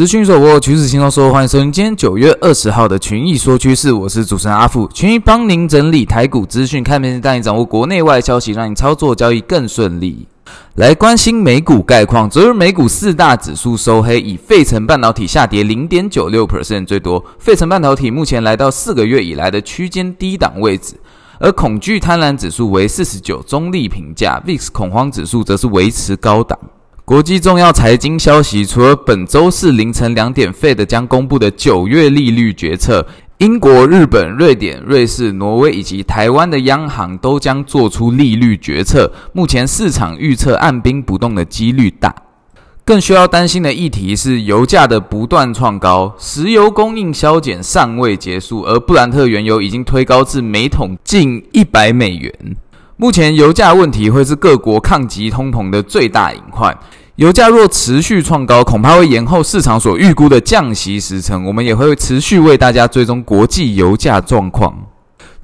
資訊一手握，趨勢輕鬆說，歡迎收聽今天九月二十號的《群益說趨勢》，我是主持人阿富。群益幫您整理台股資訊，看明天帶你掌握國內外消息，讓你操作交易更順利。來關心美股概況，昨日美股四大指數收黑，以費城半導體下跌零點九六 percent 最多。費城半導體目前來到四個月以來的區間低檔位置，而恐懼貪婪指數為四十九，中立評價。VIX 恐慌指數則是維持高檔。國際重要財經消息，除了本周四凌晨兩點，Fed 將公布的九月利率決策，英國、日本、瑞典、瑞士、挪威以及台灣的央行都將做出利率決策。目前市場預測按兵不動的幾率大。更需要擔心的議題是油價的不斷創高，石油供應削減尚未結束，而布蘭特原油已經推高至每桶近一百美元。目前油價問題會是各國抗擊通膨的最大隱患。油價若持續創高，恐怕會延後市場所預估的降息時程。我們也會持續為大家追蹤國際油價狀況。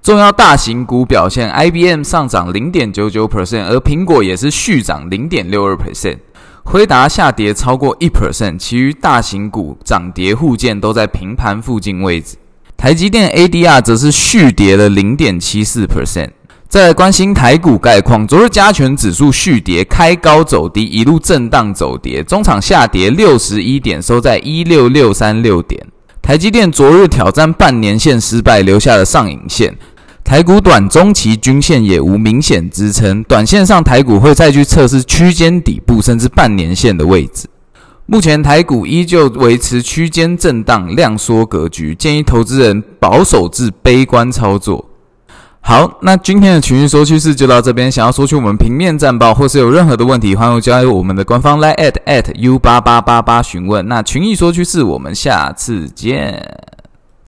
重要大型股表現，IBM 上漲0.99%，而蘋果也是續漲0.62%。輝達下跌超過1%，其餘大型股漲跌互見，都在平盤附近位置。台積電 ADR 則是續跌了0.74%。再來關心台股概況。昨日加權指數續跌，開高走低，一路震盪走跌，終場下跌六十一點，收在一六六三六點。台積電昨日挑戰半年線失敗，留下了上影線。台股短中期均線也無明顯支撐，短線上台股會再去測試區間底部甚至半年線的位置。目前台股依舊維持區間震盪、量縮格局，建議投資人保守至悲觀操作。好，那今天的群益說趨勢就到這邊。想要索取我們平面戰報，或是有任何的問題，歡迎加入我們的官方 LINE at at u8888 詢問。那群益說趨勢，我們下次見。